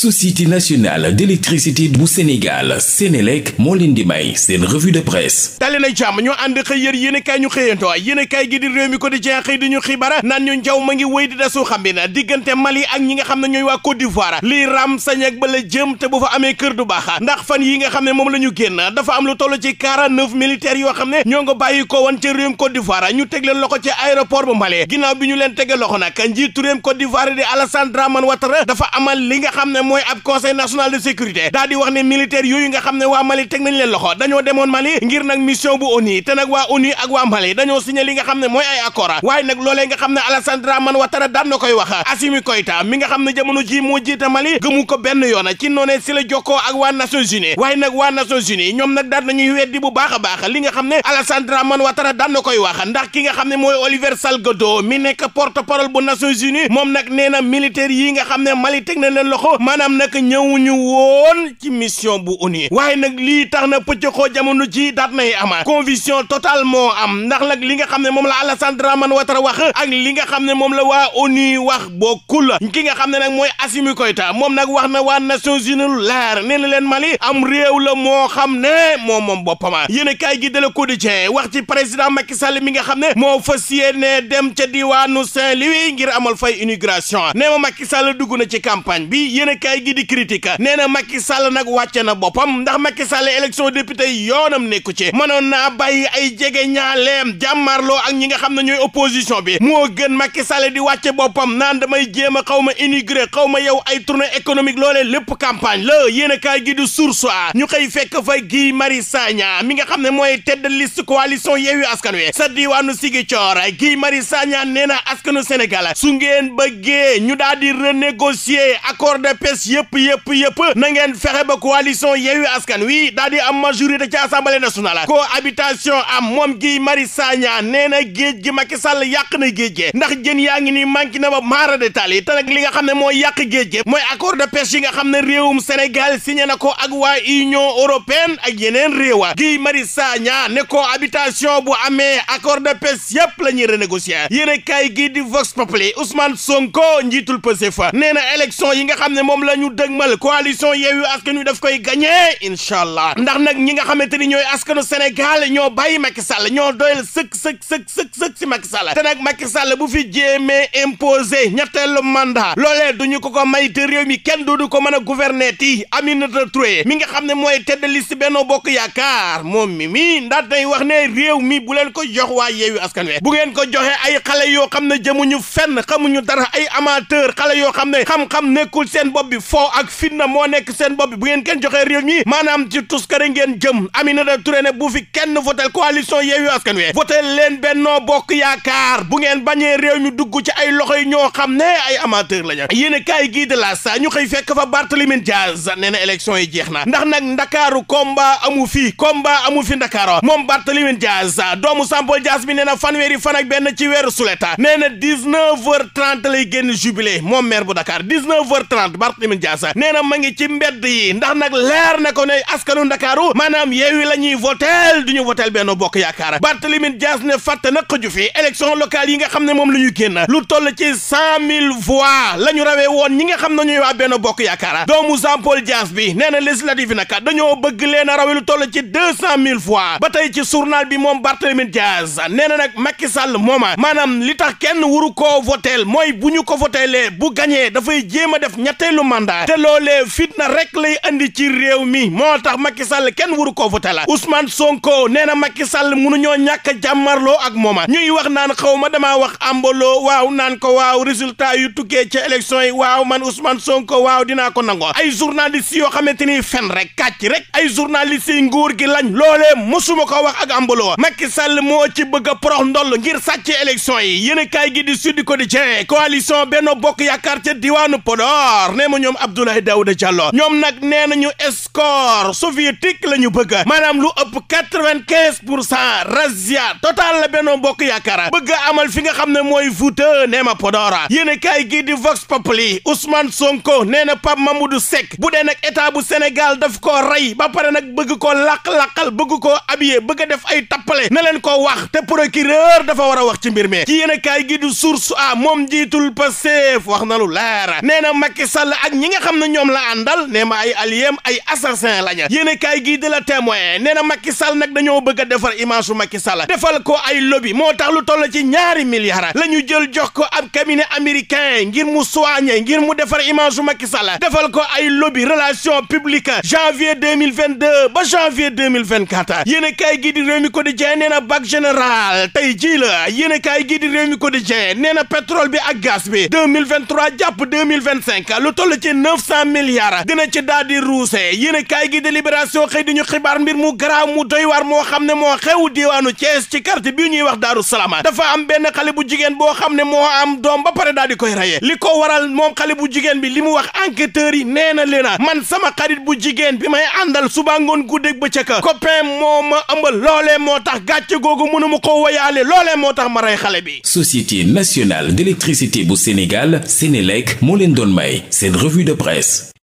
société nationale d'électricité bu Sénégal Sénélec moo leen di may seen revue de presse dali na jàmm ñoo ànd xëy yër yéen ñu xëyantoo yéen i gi di réew mi quotidien xëy di ñu xibaar naan ñu njaw ma ngi wéy di desu xam diggante Mali ak ñi nga xam ne ñooy waa Côte d'Ivoire lii ram sañ ak ba la jëm te bu fa amee kër du baax ndax fan yi nga xam ne moom la ñu génn dafa am lu toll ci 49 militaires yoo xam ne ñoo nga bàyyi ko woon ca réewum Côte d'Ivoire ñu teg ci aéroport bu mooy ab conseil national de sécurité daal di wax ne militaire nga xam ne waa Mali teg nañ leen loxo dañoo demoon Mali ngir nag mission bu ONU te nag waa ONU ak waa Mali dañoo signé li nga xam ne mooy ay accord waaye nag loolee nga xam ne Alassane Dramane Ouattara daan na koy wax Assimi Koïta mi nga xam ne jamono ji moo jiite Mali gëmu ko benn yoon ci noonee si la jokkoo ak waa Nations Unies waaye nag waa Nations Unies ñoom nag daan nañuy weddi bu baax a baax nga xam ne Alassane Dramane Ouattara daan na koy wax ndax ki nga xam ne mooy Olivier Salgado mi nekk porte-parole bu Nations Unies moom nag nee na militaire yi nga xam ne Mali teg na leen loxo maanaam nag ñëwuñu woon ci mission bu ONU waaye nag lii tax na pëccëxoo jamono ji daat nay amaat conviction totale moo am ndax nag li nga xam ne moom la Alassane Dramane Ouattara wax ak li nga xam ne moom la waa ONU wax boo bokkul ki nga xam ne nag mooy Assimi Goïta moom nag wax na waa Nations Unies lu leer nee na leen Mali am réew la moo xam ne moom moom boppam yéen kaay gi de Le Quotidien wax ci président Macky Sall mi nga xam ne moo fas yéene dem ca diwaanu Saint-Louis ngir amal fay immigration nee ma na ci campagne kaay gi di critique nee na Macky Sall nag wàcce na boppam ndax Macky Sall élection député yoonam nekku ci mënoon naa bàyyi ay jege ñaaleem jàmmarloo ak ñi nga xam ne ñooy opposition bi moo gën Macky Sall di wàcce boppam naan damay jéem a xaw ma immigré xaw ma yow ay tournée économique loolee lépp campagne la yéen a kaay gi di Source A ñu xëy fekk fa Guy Marius Sagna mi nga xam ne mooy tête de liste coalition Yewwi Askan Wi sa diwaanu Ziguinchor Guy Marius Sagna nee na askanu Sénégal su yëpp yëpp yëpp na ngeen fexe ba coalition Yewwi Askan Wi daal di am majorité ci assemblée nationale cohabitation am moom Guy Marius Sagna nee na géej gi Macky Sall yàq na géej gi ndax jën yaa ngi ni manqué na ba maara de tali te nag li nga xam ne mooy yàq géej gi mooy accord de pêche yi nga xam ne réewum Sénégal signé na ko ak waa Union européenne ak yeneen réewa Guy mari Sagna ne cohabitation bu amee accord de pêche yëpp la ñuy renégocier yéen a kaay gii di Vox Populi Ousmane Sonko njiitul Pastef nee na élection yi nga xam ne moom moom la ñu dëgmal coalition Yewwi Askan Wi daf koy gagné incha allah ndax nag ñi nga xamante ni ñooy askanu Sénégal ñoo bàyyi Macky Sall ñoo doyal sëkk sëkk sëkk sëkk sëkk si Macky Sall te nag Macky bu fi jéemee imposé ñetteelu mandat loolee du ñu ko ko may te réew mi kenn du du ko mën a gouverner ti Aminata Touré mi nga xam ne mooy te de liste Benno Bokk Yaakaar moom mi mi ndaat day wax ne réew mi bu leen ko jox waa Yewwi Askan Wi bu ngeen ko joxe ay xale yoo xam ne jëmuñu fenn xamuñu dara ay amateur xale yoo xam ne xam nekkul seen bopp bopp bi foo ak fitna moo nekk seen bopp bi bu ngeen kenn joxee réew mi maanaam ci tuskare ngeen jëm Aminata Touré ne bu fi kenn voté coalition Yewwi Askan Wi voté leen Benno Bokk Yaakaar bu ngeen bañee réew mi dugg ci ay loxo yi ñoo xam ne ay amateur lañu yéen a kaay gii de la sa ñu xëy fekk fa Barthélémy Diaz nee na élection yi jeex na ndax nag ndakaaru combat amu fi combat amu fi ndakaaro moom Barthélémy Diaz doomu Sampol Diaz bi nee na fanweeri fan ak benn ci weeru suleta nee na 19h30 lay génn jubilé moom maire Barthélémy Dias nee na ma ngi ci mbedd yi ndax nag leer na ko ne askanu Ndakaaru maanaam yeewi la ñuy voteel du ñu voteel benn bokk yaakaar Barthélémy Dias ne fàtte na xëju fi élection locale yi nga xam ne moom la ñu génn lu toll ci cent mille voix la ñu rawee woon ñi nga xam na ñooy waa benn bokk yaakaar doomu Jean Paul Dias bi nee na législative nag dañoo bëgg leen a rawe lu toll ci deux cent mille voix ba tey ci journal bi moom Barthélémy Dias nee na nag Macky Sall mooma maanaam li tax kenn wuru koo voteel mooy bu ñu ko voteelee bu gañee dafay jéem a def ñetteelu mandat te loolee fitna rek lay andi ci réew mi moo tax Macky Sall kenn wuru ko voté la Ousmane Sonko nee na Macky Sall mënuñoo ñàkk jàmmarloo ak mooma ñuy wax naan xaw ma damaa wax ambaloo waaw naan ko waaw résultat yu tukkee ca yi waaw man Ousmane Sonko waaw dina ko nangoo ay journalistes yoo xamante ni fen rek kàcc rek ay journalistes yi nguur gi lañ loolee mosuma ko wax ak ambaloo Macky Sall moo ci bëgg a ndol ndoll ngir sàcc élection yi yéen a gi di Sud Bokk ñoom Abdoulaye Daouda Diallo ñoom nag nee nañu score soviétique la ñu bëgg maanaam lu ëpp quatre-vingt-quinze pour cent razia total la benn Bokk Yaakaar bëgg amal fi nga xam ne mooy Fouta nee ma Podora yéen kaay gii di Vox Populi Ousmane Sonko nee na Pape du sek bu dee nag état bu Sénégal daf koo rey ba pare nag bëgg koo laq-laqal bëgg koo habillé bëgg a def ay tappale ne leen koo wax te procureur dafa war a wax ci mbir mi ci yéen kaay gii di A moom jiitul Pastef wax na lu na Macky ak ñi nga xam ne ñoom la àndal nee ma ay alliés ay assassins lañu yéen kaay gii de la témoin nee na Macky Sall nag dañoo bëgg a defar image su Macky Sall defal ko ay lobby moo tax lu toll ci ñaari milliards la ñu jël jox ko ab cabinet américain ngir mu soigner ngir mu defar image su Macky Sall defal ko ay lobby relation publique janvier deux mille vingt deux ba janvier deux mille vingt quatre yéen kaay gii di Rewmi Quotidien nee na bac général tey jii la yéen kaay gii di Rewmi Quotidien nee na pétrole bi ak gaz bi deux mille vingt trois jàpp deux mille ci neuf cent milliards dina ci daal di ruuse yéen a kaay gi délibération xëy di ñu xibaar mbir mu garaaw mu doy waar moo xam ne moo xew diwaanu Thiès ci quartier bi ñuy wax Daaru Salaam dafa am benn xale bu jigéen boo xam ne moo am doom ba pare daal di koy rayee li ko waral moom xale bu jigéen bi li mu wax enquêteurs yi nee na leen man sama xarit bu jigéen bi may àndal suba ngoon guddeeg bëccëg copain moo ma ëmbal loolee moo tax gàcce googu mënu ma ko woyaale loolee moo tax ma rey xale bi. Société nationale d'électricité bu Sénégal Sénélec moo leen doon may revue de presse